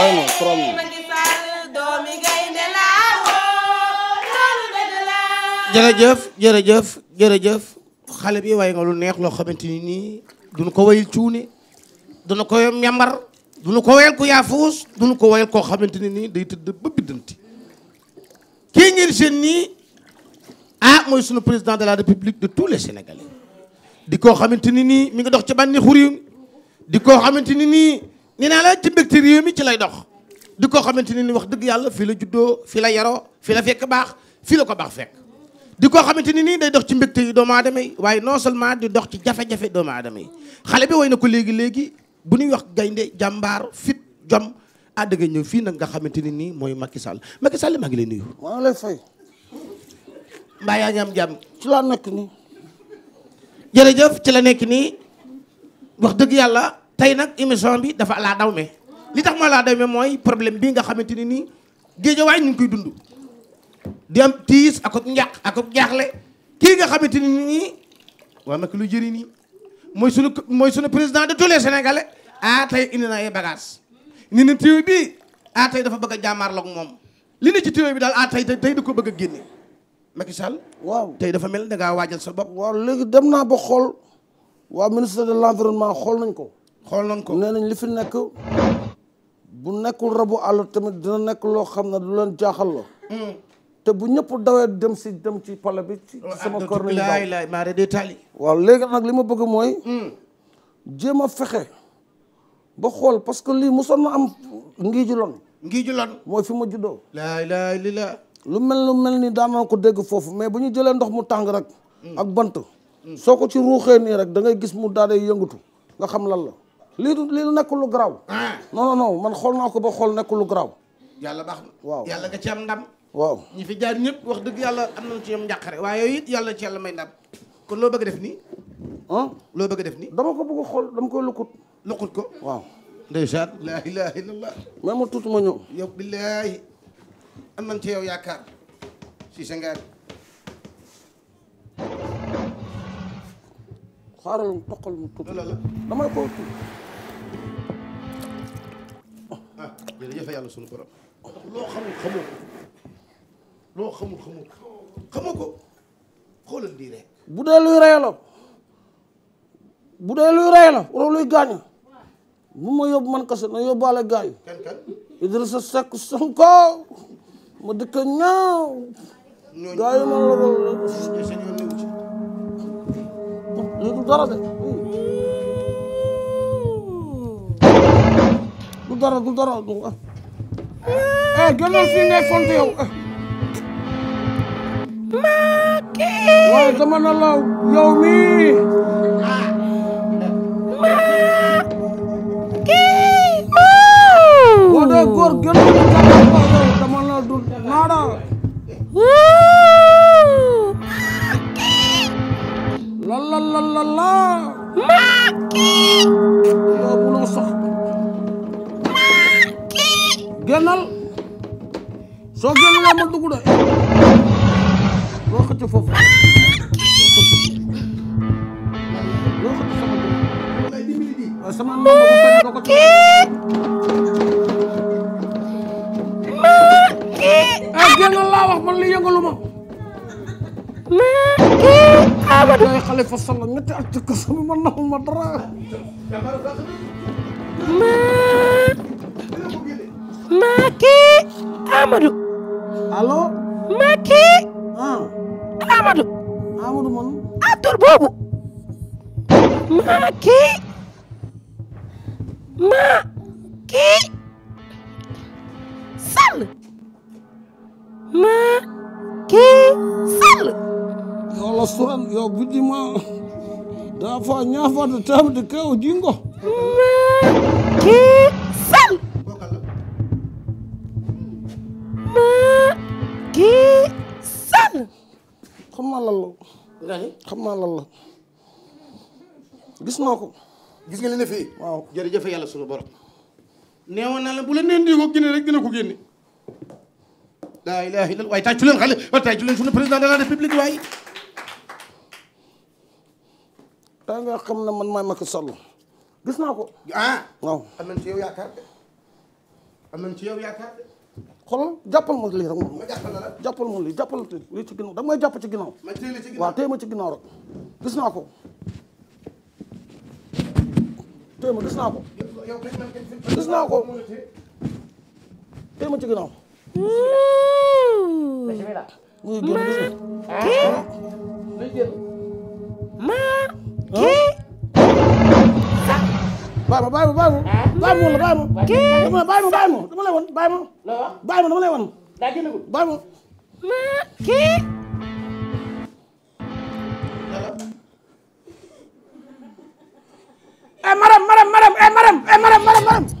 doy na trop jërëjëf jërëjëf jërëjëf xale bi waaye nga lu neex loo xamante ni nii duñu ko wayil cuune duñu ko wayal ñambar duñu ko wayal ko yaafuus duñu ko wayal koo xamante ni nii day tëdd ba biddanti kii ngeen seen nii ah mooy sunu président de la république de tous les sénégalais di koo xamante nii mi ngi dox ci bànni xur di koo xamante nii nee naa la politique réew ci lay dox di ko xamante ne ni wax dëgg yàlla fii la juddoo fii la yaroo fii la fekk baax fi la ko baax fekk di ko xamante ni nii day dox ci mbégte yi doomu aadama yi waaye non seulement di dox ci jafe-jafe doomu aadama yi xale bi way na ko léegi-léegi bu ñuy wax gaynde jàmbaar fit jom àddëgga ñëw fii nag nga xamante ni nii mooy makki Sall makki Sall maa ngi lay nuyu maa yaa ngi am jàmm ci la nekk nii jërëjëf ci la nekk nii wax dëgg yàlla tey nag émission bi dafa laa li tax ma laa demee mooy problème bii nga xamante ni nii géejawaay ñu ngi koy dund di am tiis ak ak njàq ak ak jaaxle kii nga xamante ni nii waa nag lu jëriñ nii mooy sunu mooy sunu président de tous les sénégalais ah tey indi na ay bagages ni ne téew bi ah tey dafa bëgg a look moom li ne ci téew bi daal ah tey tey da ko bëgg a génne Macky Sall waaw tey dafa mel da ngaa waajal sa bopp waaw léegi dem naa ba xool waa ministre de l'environnement xool nañ ko xool nañ ko nee nañ li fi nekk bu nekkul rabu àll tamit dina nekk loo xam ne du leen jaaxal la hmm. te bu ñëpp dawee dem si dem ci pale bi ci sama kor nañ waaw léegi nag li ma bëgg mooy hmm. jéem a fexe ba xool parce que lii mosoon ma am ngii ju lon ngii ju lon mooy fi ma juddoo laa lu mel lu mel ni daanaa ko dégg foofu mais bu ñu jëlee ndox mu tàng rek hmm. ak bant soo ko ci ruuxee nii rek da ngay gis mu daal di yëngatu nga xam lan la lii du lii du lu garaaw. Ah. non non man xool naa ko ba xool nekk lu garaaw. yàlla baax na waaw yàlla nga ci am ndam. waaw ñi fi jaar ñëpp wax dëgg yàlla am na ci ñoom njàqare waaye yooyu yàlla ci yàlla may ndam kon loo bëgg def nii. loo bëgg def nii. dama ko bëgg xool dama koy lukkut. lukkut ko waaw. ndeysaan laa ilaha illallah. même ma tuuti ma ñëw. yow billaahi am nañ ci yow yaakaar si sa ngaari. xaaral toqal mu tuuti. damay koo tuuti. jërëjëf yàlla sunu borom loo xamul xamoo ko loo xamul xamoo ko xamoo ko xoolal lii rek bu dee luy rey la bu dee luy rey la wala luy gaañ bu ma yóbbu man kese na yóbbaale gars yi Idrissa Seck Sonko ma dëkk ñaaw gars yi man la léegi du dara de dara du dara du eh gënal fii ngay font yow Macky waaye dama na la yow mii daanal soo génn laa ma dugg de loo xëcc foofu loo xëcc sama dugg sama mën nga ko ah eh, génn laa wax man li yëngalu ma. Macky Amadou. allo. Macky. ah. Amadou. Amadou man. ah tur boobu. Macky. Macky. Sall. Macky Sall. yow la suran yow buddi ma daa fa ñaafa de tam de kaw jingo. Macky. lan la. xam naa lan la gis naa ko. gis nga li ne fii. waaw jërëjëf yàlla suñu borom. neewoon naa la bu la neen di ko génne rek dina ko génne. laa ilaaha illallaah waaye tàccu leen xale waaye tàccu leen suñu président de la république waaye. daa nga xam ne man maay Macky Sall gis naa ko. ah. waaw am nañ ci yow yaakaar de am nañ ci yow yaakaar de. xoolal jàppal ma lii rek moom. ma jàppal la rek jàppal ma lii jàppal lii ci ginnaaw da may jàpp ci ginnaaw. ma téye la ci ginnaaw waaw téye ma ci ginnaaw rek gis naa ko. téye ma gis naa ko. gis naa ko téye ma ci ginnaaw. mu mmh. ngi génn gis nga. ma. bàyyi ma bàyyi ma bàyyi ma ah? bàyyi ma wala bàyyi ma. bàyyi ma bàyyi ma dama lay won